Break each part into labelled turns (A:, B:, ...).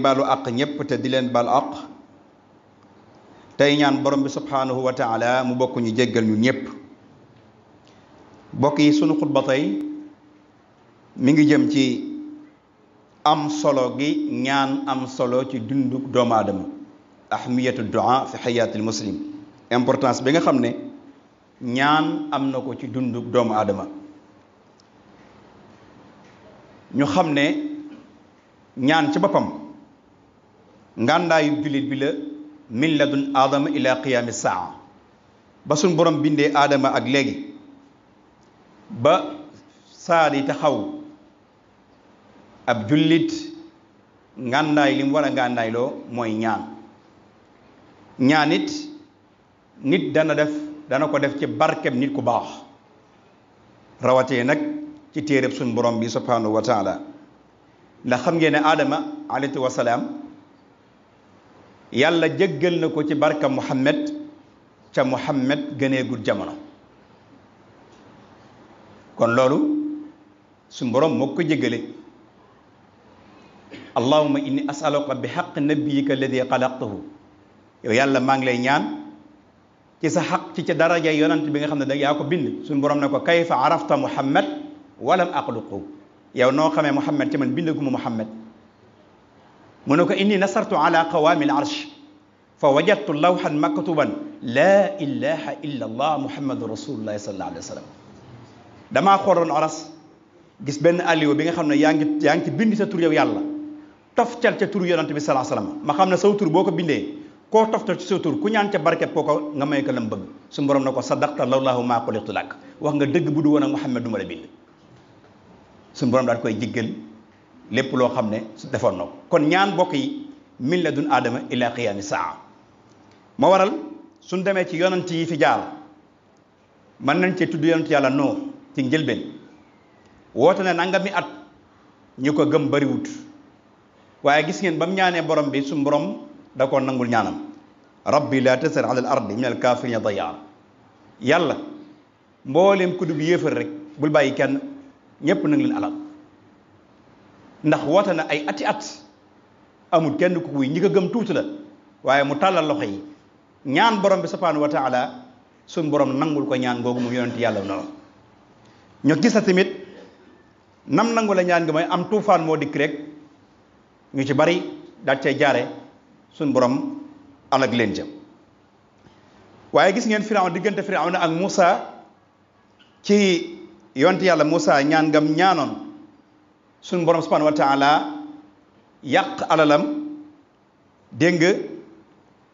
A: balu ak ñépp te di len bal ak tay ñaan borom bi subhanahu wa taala mu bokku ñu jéggal ñu ñépp bokki sunu khutba tay mi ngi jëm ci am solo gi ñaan am solo ci dundu doomu adam ahmiyatu du'a fi xayaatil muslim importance bi nga xamne ñaan am na ko ci dundu doomu aadama ñu xamne ñaan ci bopam ngàndaayu jullit bi la min ladun aadama ila qiyaami saa ba suñ borom bindee aadama ak léegi ba saar yi taxaw ab jullit ngàndaay li mu war a ngàndaay loo mooy ñaan ñaanit nit dana def dana ko def ci barkeb nit ku baax rawatee nag ci téereb suñ borom bi subhanahu ndax xam ngeen adama aadama alayhi wa yalla jéggel na ko ci barka muhammad ca muhammad gëné gul jamono kon lolu su mborom moko jéggelé اللهم إني أسألك بحق نبيك الذي خلقته يو يالا ماغ لاي نيان تي سا حق تي درجة يونت بيغا خا نني ياكو بين سون بروم نكو كيف عرفت محمد ولم أقلقه يا نو خامي محمد تي من بيندكو محمد mu ne ko inni nasartu ala qawaami al arsh fa wajadtu lawhan maktuban laa ilaha illa allah muhammadu rasulullahi sallallahu alayhi wa sallam damaa xooloon oras gis benn alio bi nga xam ne yaa ngi yaa ngi ci bind sa tur yow yàlla toftal ca tur yonante bi salaa sallam ma xam ne saw tur boo ko bindee koo toftal ci saw tur ku ñaan ca barkeb kooko nga may ko lam bëgg su borom na ko sadaqta lawlaahu maa xuliqtu lak wax nga dëgg bu du woon ak muhammad du ma la bind su borom daal koy jiggal lépp loo xam ne su defoon na kon ñaan bokk yi min la dun aadama ila qiyaami saa ma waral suñ demee ci yonent yi fi jaar mën nañ ci tudd yonent yàlla noo ci njëlbeen woote na nanga mi at ñu ko gëm bariwut waaye gis ngeen ba mu ñaanee borom bi suñu borom da koo nangul ñaanam rabbi la tasar ala al ardi min al kaafirina dayaa yàlla mbooleem kudub yéefar rek bul bàyyi kenn ñépp nang leen alal ndax woote na ay ati at amul kenn ku kuy ñi ko gëm tuuti la waaye mu tàllal loxo yi ñaan borom bi subhanahu wa taala sun borom nangul ko ñaan googu mu yonenti yàlla noonu ñu gis na tamit nam nangu la ñaan gi am tuufaan moo dikk rek ñu ci bari daal cay jaare sun borom alag leen jëm waaye gis ngeen firawn diggante firawn ak Moussa ci yonenti yàlla Moussa ñaan gam ñaanoon sun borom subhanahu wa ta'ala yaq alalam deng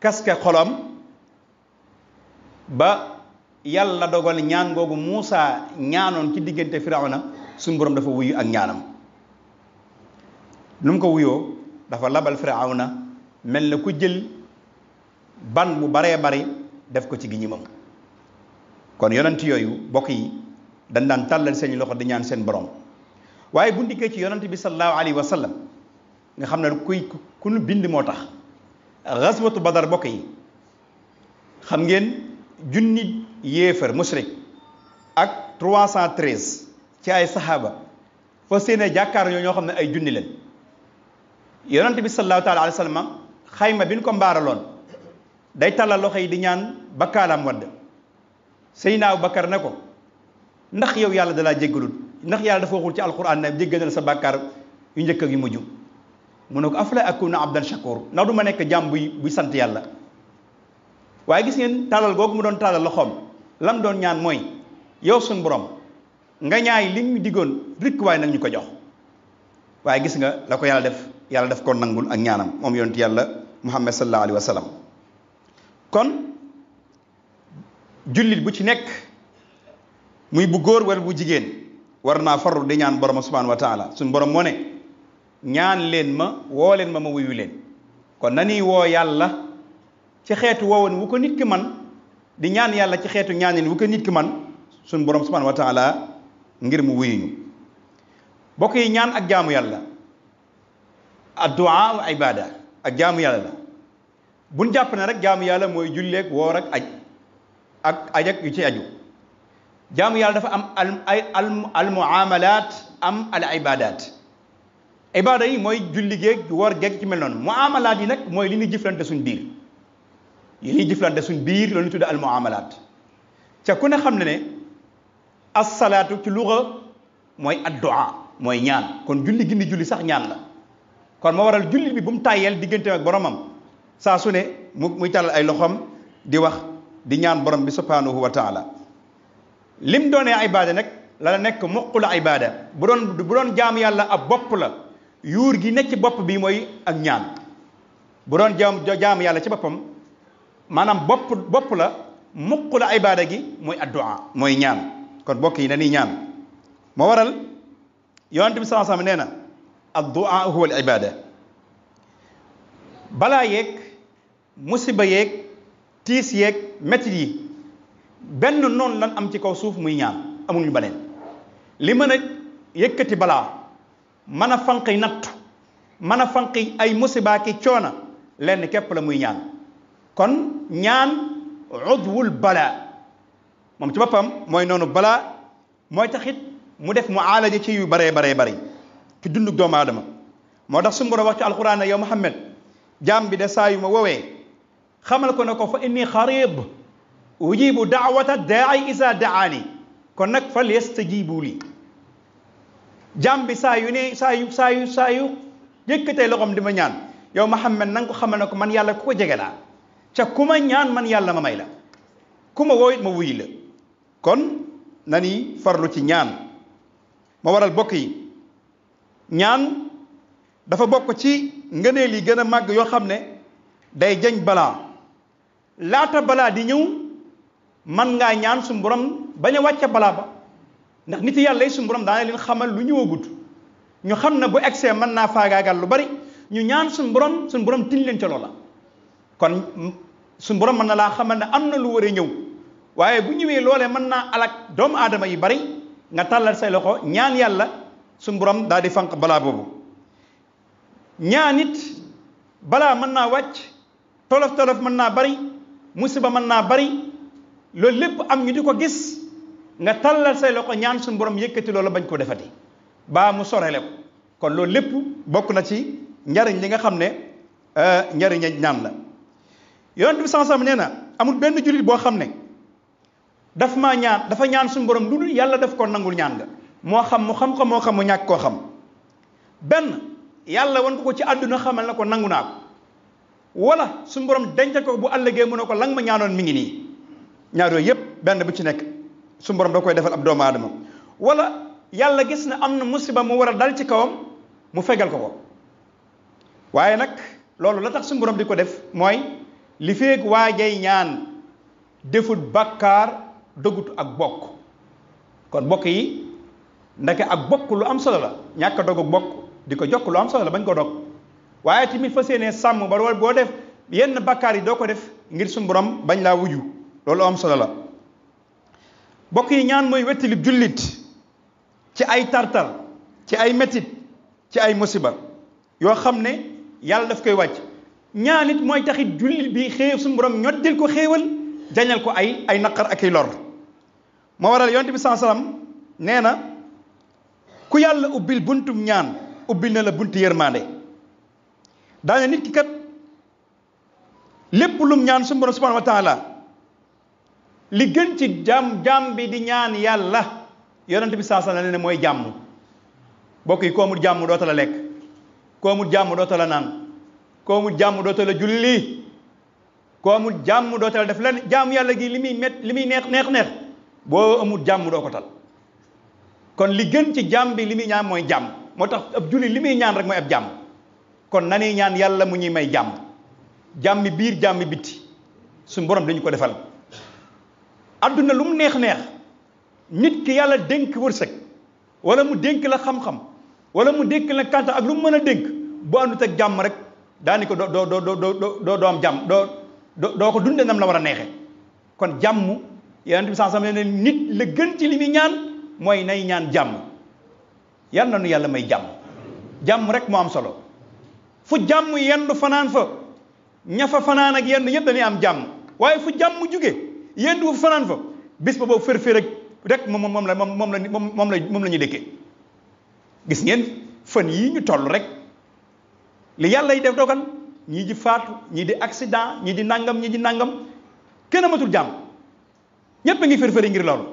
A: kaske xolam ba yalla dogal ñaan gogu musa ñaanon ci diggante fir'auna sun borom dafa wuyu ak ñaanam num ko wuyo dafa labal fir'auna mel na ku jël ban bu bare bare def ko ci giñimam kon yonent yoyu bokki dan dañ daan tàllal seen loxo di ñaan seen borom waaye bu ndikkee ci yonante bi sallallahu alayhi wa sallam nga xam ne kuy ku nu bind moo tax xaswatu badar bokk yi xam ngeen junni yéefar musrik ak 313 ci ay saxaaba fa seene jàkkaar ñoo ñoo xam ne ay junni leen yonante bi sallallahu taala alayhi wa sallam xayma bi ñu ko mbaaraloon day tàllal loxo yi di ñaan bakkaalaam wadd Seydina Abu Bakar ne ko ndax yow yàlla dalaa jéggalul ndax yàlla dafa waxul ci alquran ne jéggal na sa bàkkaar yu njëkk ak yu mujj mu ne ko afala akuna abdan shakur ndax du ma nekk jàmm buy buy sant yàlla waaye gis ngeen tàllal googu mu doon tàllal loxoom lam doon ñaan mooy yow suñ borom nga ñaay li ñu digoon rikk waaye nag ñu ko jox waaye gis nga la ko yàlla def yàlla def ko nangul ak ñaanam moom yonent yàlla muhammad sallallahu alayhi wa sallam kon jullit bu ci nekk muy bu góor wala bu jigéen war naa farlu di ñaan borom subhanahu wa taala suñ borom moo ne ñaan leen ma woo leen ma ma wuyu leen kon na nañuy woo yàlla ci xeetu woowoon wu ko nit ki man di ñaan yàlla ci xeetu ñaanin wu ko nit ki man suñ borom subhanahu wa taala ngir mu wuyu ñu bokk yi ñaan ak jaamu yàlla addu'a wa ibada ak jaamu yàlla la buñ jàpp ne rek jaamu yàlla mooy julleeg woor ak aj ak aj ak yu ci aju jaamu yàlla dafa am al ay al muamalaat am al ibadat ibada yi mooy julli géeg wor géeg ci mel noonu muamalat yi nag mooy li ñuy jëflante suñ biir yi ñuy jëflante suñ biir loolu ñu tudde al muamalat ca ku ne xam ne ne assalaatu ci luga mooy dua mooy ñaan kon julli gindi julli sax ñaan la kon moo waral julli bi bu mu tàyyeel digganteem ak boromam saa su ne mu muy tàllal ay loxoom di wax di ñaan borom bi subhanahu wa taala lim doonee ibaada nag la nekk muqu la ibaada bu doon bu doon jaamu yàlla ab bopp la yuur gi nekk ci bopp bi mooy ak ñaan bu doon jaam jaamu yàlla ci boppam maanaam bopp bopp la muqu la ibaada gi mooy addu'a mooy ñaan kon bokk yi dañuy ñaan moo waral yonent bi sallallahu alayhi wasallam nee na addu'a huwa al ibaada balaa yeeg musiba yeeg tiis yeeg métit yi benn noonu lan am ci kaw suuf muy ñaan amuñu baneen li mën a yëkkati balaa mën a fanqi natt mën a fanqi ay musibaaki coona lenn képp la muy ñaan kon ñaan udwul balaa moom ci boppam mooy noonu balaa mooy taxit mu def mu aalaja ci yu baree baree bari ci dundug doomu aadama moo tax sumbura wax ci alquran yow muhammad jaam bi de saa yu ma woowee xamal ko ne ko fa inni xarib ujibu da'wata da'i isa da'ani kon nag fal yastajibu li jàmm bi saa yu ne saa yu saa yu saa yu yëkkatee loxoom di ma ñaan yow Muhammad na nga ko xamal ne ko man yàlla ku ko jege laa ca ku ma ñaan man yàlla ma may la ku ma woo it ma wuyu la kon na ni farlu ci ñaan ma waral bokk yi ñaan dafa bokk ci ngëneel yi gën a màgg yoo xam ne day jañ balaa laata balaa di ñëw. man ngaa ñaan suñu borom bañ a wàcce balaa ba ndax nit yàlla yi daa borom daana leen xamal lu ñëwagut ñu xam na bu egsee mën naa faagaagal lu bari ñu ñaan suñu borom suñu borom tiñ leen ca loola kon suñu borom mën na laa xamal ne am na lu war a ñëw waaye bu ñëwee loole mën naa alak doomu aadama yi bari nga tàllal say loxo ñaan yàlla suñu borom daal di fanq balaa boobu ñaan it balaa mën naa wàcc tolof tolof mën naa bari musiba mën naa bari Lo lepp am ñu diko gis nga talal say loxo ñaan sun borom yëkkati loolu bañ ko defati ba mu sorele ko kon loolu lépp bokk na ci njariñ li nga xam ne euh, njariñ ñaan la yonent bi sansam nee na amul benn julit boo xam ne daf maa ñaan dafa ñaan sun borom lu dul yàlla daf ko nangul ñaan nga moo xam mu xam ko moo xam mu ñàkk koo xam benn yàlla wan ko ci àdduna xamal na ko wala sun borom dencal ko bu àllëgee mu ne ko lang ma ñaanoon mi ngi nii ñaar yooyu yëpp benn bu ci nekk suñu doo koy defal ab doomu aadama wala yàlla gis na am na musiba mu war a dal ci kawam mu fegal ko ko waaye nag loolu la tax suñu di ko def mooy li feeg waajay ñaan defut bàkkaar dogut ak bokk kon bokk yi ndeke ak bokk lu am solo la ñàkk a dogu bokk di ko jokk lu am solo la bañ ko dog waaye tamit fas yéenee sàmm ba boo def yenn bàkkaar yi doo ko def ngir suñu borom bañ laa wuju loolu am solo la bokk yi ñaan mooy wettilib jullit ci ay tartar ci ay metit ci ay musiba yoo xam ne yàlla daf koy wàcc ñaan mooy taxit jullit bi xéew suñu borom ko xéewal jañal ko ay ay naqar ak ay moo waral yonte bi saa salaam nee na ku yàlla ubbil buntum ñaan ubbil na la buntu yërmaande daane nit ki kat lépp lum ñaan suñu borom subhanahu li gën ci jam jam bi di ñaan yàlla yonent bi saa sala ne mooy jàmm bokk yi koomul jàmm doota la lekk koomul jàmm doota la naan koomul jàmm doota la julli koomul jàmm doota la def len jàmm yàlla gi li muy met li muy neex neex neex boo amul jàmm doo ko tal kon li gën ci jàmm bi li muy ñaan mooy jàmm moo ab julli li ñaan rek mooy ab jàmm kon nanuy ñaan yàlla mu ñuy may jàmm jam biir jàmmi bitti suñ borom dañu ko defal aduna lum neex neex nit ki yalla denk wursak wala mu denk la xam-xam wala mu denk la kanta ak lu meuna denk bo andut ak jam rek daniko do do do do do am jam, do do ko dunde nam la wara a neexe kon jàmm yonente bi sansam wasallam nit legen gën ci limi ñaan moy nay ñaan jam, yal na yalla may jam jam rek mo am solo fu jam yendu fanaan fa ñafa fanaan ak yendu yeb dañuy am jam, waye fu jam jugee yéen du fanaan fa bis ba boobu fër-fër rek rek moom moom la moom moom la moom la moom ñu dëkkee gis ngeen fan yii ñu toll rek li yàlla yi def dogal ñii ji faatu ñii di accident ñii di nangam ñii di nangam kenn matul jàmm ñépp a ngi fër-fëri ngir loolu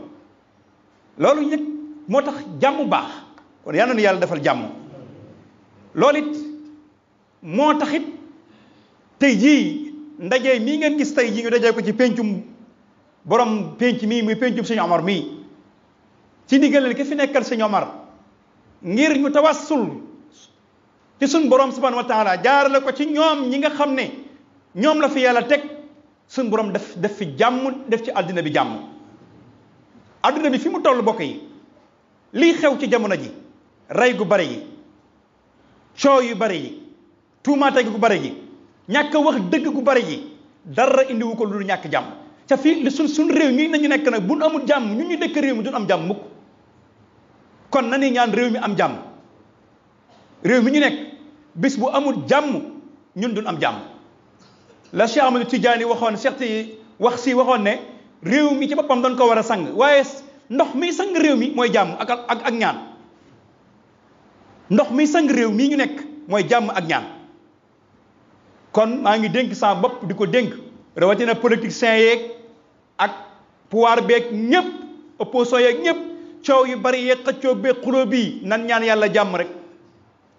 A: loolu nag moo tax jàmm baax kon yal na yàlla defal jàmm loolu it moo taxit tey jii ndaje mii ngeen gis tey jii ñu dajee ko ci pencum borom penc mi muy penc seigne omar mi ci ndigalel ki fi nekkal seigne omar ngir ñu tawassul ci sun borom subhanahu wa ta'ala la ko ci ñom ñi nga xamne ñom la fi yalla tek sun borom def def fi jàmm def ci aduna bi jàmm aduna bi fi mu toll bokk yi li xew ci jamono ji ray gu bari yi coow yu bari yi tuumaate gu bari yi wax deug gu bari yi dara wu ko lu ñak jamm ca fii réew mii nañu nekk nag buñ amul jàmm ñu ñu dëkk réew mi duñ am jàmm mukk kon nañuy ñaan réew mi am jàmm réew mi ñu nekk bis bu amul jàmm ñun duñ am jàmm la Cheikh Ahmadou Tidiane waxoon Cheikh wax si waxoon ne réew mi ci boppam doon ko war a sang waaye ndox mii sang réew mi mooy jàmm ak ak ak ndox mi sang réew mii ñu nekk mooy jàmm ak ñaan kon maa ngi dénk saa bopp di ko dénk rawatina politiciens yek ak pouvoir bek ñep opposition yek ñep ciow yu bari yek xëccoo be xuloo nan ñaan yalla jàmm rek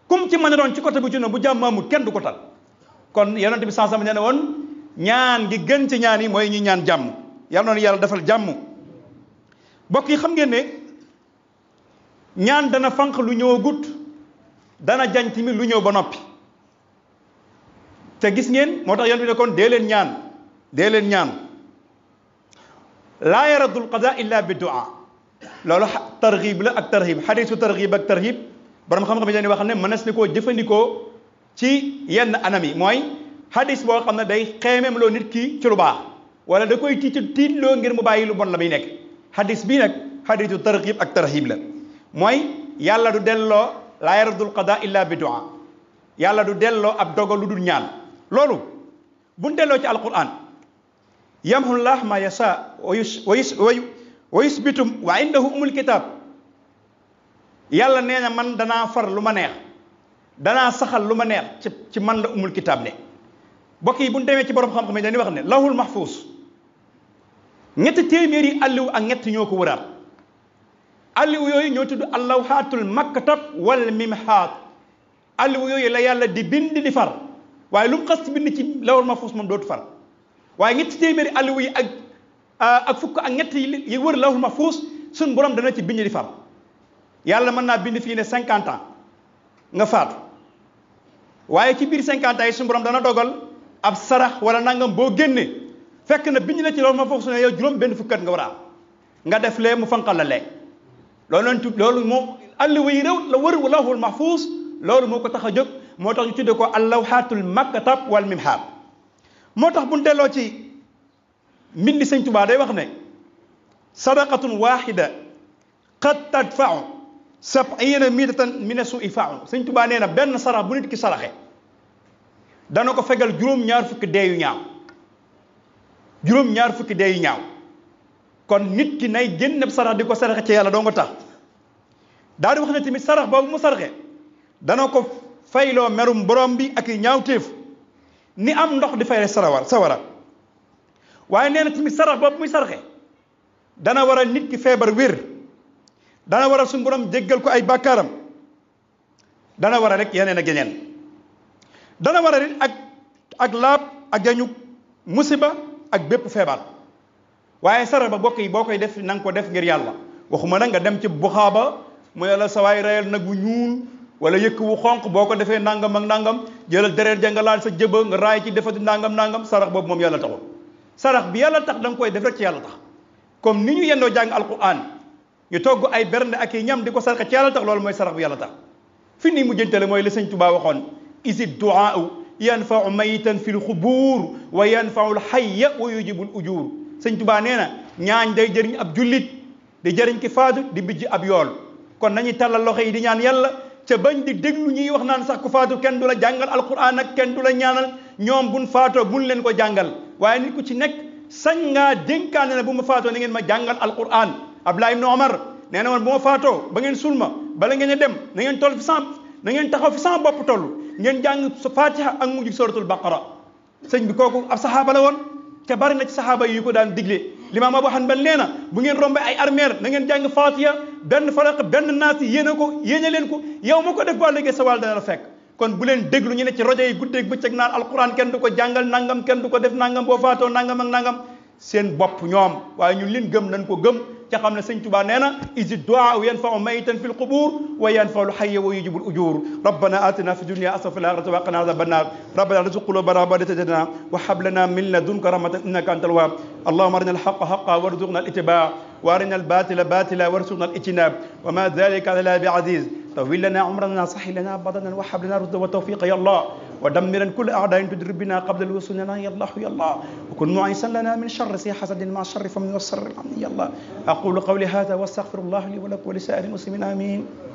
A: kum ci mën doon ci côté bu ci no bu kenn du ko tal kon yaronte bi sansam nee na woon ñaan gi gën ci ñaan yi moy ñi ñaan jàmm yalla non yalla defal jàmm bokk yi xam ngeen ne ñaan dana fank lu ñëw gut dana jañ tamit lu ñëw ba noppi te gis ngeen motax yalla bi ne kon de leen ñaan ديلن يان لا يرد القضاء الا بالدعاء لولا ترغيب لا الترهيب حديث ترغيب الترهيب برام خم خم جاني واخا نه منس نيكو جيفانديكو تي ين انامي موي حديث بو خم داي خيمم لو نيت كي تي لو باخ ولا داكوي تي تي لو غير مو باي لو بون لا بي نيك حديث بي نك حديث ترغيب اك ترهيب لا موي يالا دو ديلو لا يرد القضاء الا بالدعاء يالا دو ديلو اب دوغو لودو نيان لولو بون ديلو تي القران يمحو الله ما يشاء ويس وي ويس بيتم وعنده ام الكتاب يالا نينا من دانا فر لوما نيه دانا سخال لوما نيه تي من ام الكتاب ني بوكي بون ديمي تي بروم خام خام داني واخني لوح المحفوظ نيت تيميري اليو اك نيت نيوكو ورال اليو يوي نيو تود اللوحات المكتب والممحات اليو يوي لا يالا دي بند دي فار واي لوم خاص بند تي لوح المحفوظ موم دوت فار waye ñetti téeméeri alluwa yi ak ak fukk ak ñett yi wër lawul mahfuus suñ borom dana ci bind di far yàlla mën naa bind fii ne cinquante ans nga faatu waaye ci biir cinquante ans yi suñ borom dana dogal ab sarax wala nangam boo génnee fekk na bind na ci lawul mahfuus ne yow juróom benn fukkat nga war nga def lee mu fanqal la lee loolu lañ loolu moom alluwa yi réew la wër lawul mahfuus loolu moo ko tax ñu tudde ko allawhaatul maktab wal mimhaab moo tax bu ñu delloo ci mbindi sëñ Tuubaa day wax ne sadaqatun waxida qad tadfau sabina mitatan mina suu i faun sëñ Tuubaa nee na benn sarax bu nit ki saraxe dana ko fegal juróom-ñaar fukki deeyu ñaaw ñaaw kon nit ki nay génn sarax di ko saraxe ci yàlla doo nga tax daal wax ne tamit sarax boobu mu saraxe dana ko fayloo merum borom bi ak ñaawteef ni am ndox di fayre sawara sawara waaye nee na sarax boobu muy saraxe dana waral nit ki feebar wér dana waral suñu borom jéggal ko ay bàkkaaram dana waral rek yeneen ak yeneen dana waral it ak ak laab ak jañu musiba ak bépp feebar waaye sarax ba bokk yi boo koy def na nga ko def ngir yàlla waxuma nag nga dem ci buxaaba mu ne la sawaay rayal nag wu ñuul wala yëkk wu xonq boo ko defee nangam ak nangam jëlal deret ja nga laal sa jëba nga raay ci defati nangam nangam sarax bob mom yalla taxul sarax bi yalla tax dang koy def rek ci yalla tax comme niñu yendo jang alquran ñu togg ay bernde ak ñam diko sarax ci yalla tax lool moy sarax bi yalla tax fi ni mu jëntele moy le seigne touba waxon isi duaa yanfau maytan fil khubur wa yanfau lxayya wa yujibu al ujur seigne touba na ñaan day jëriñ ab julit di jëriñ ki faatu di bijj ab yool kon nañu talal loxo yi di ñaan yalla ca bañ di déglu ñuy wax naan sax ku faatu kenn du la jàngal alquran ak kenn du la ñaanal ñoom bu buñ faatoo buñ leen ko jàngal waaye nit ku ci nekk sañ ngaa dénkaane ne bu ma faatoo na ngeen ma jàngal alquran Abdullah ibn Omar nee na woon bu ma faatoo ba ngeen sulma bala ngeen a dem na ngeen toll fi sama na ngeen taxaw fi sama bopp tollu ngeen jàng fatiha ak mujj suratul baqara sëñ bi kooku ab saxaaba la woon te bari na ci saxaaba yi ko daan digle l'imam Abu Hanbal nee bu ngeen rombe ay armer na ngeen jang fatiha ben falaq ben nas yéene ko yene len ko yow mako def boo léegi sa wàll dana la fek kon bu len deglu ñu ne ci rajo yi guddeeg bëccëg naan alquran kenn du ko jàngal nangam kenn duko def nangam bo faato nangam ak nangam seen bopp ñoom waaye ñun lin gëm nañ ko gëm ci xam ne sëñ tuba nee na isi doa u yanfau mayitan fi lqubur wa yanfau lxaya wa yujibul ujur rabbana atina fi dunia asrafa fi laxirati wa qina azab annar rabbana rzuq qulubana ba'da wa hab lana min ladunka rahmatan innaka antal wahhab اللهم ارنا الحق حقا وارزقنا الاتباع وارنا الباطل باطلا وارزقنا الاجتناب وما ذلك على الله بعزيز طول لنا عمرنا صحي لنا بدنا وحب لنا رد وتوفيق يا الله ودمرا كل اعداء تدربنا قبل الوصول لنا يا الله يا الله وكن معيسا لنا من شر سي حسد مع الشر فمن والسر يا الله اقول قولي هذا واستغفر الله لي ولك ولسائر المسلمين امين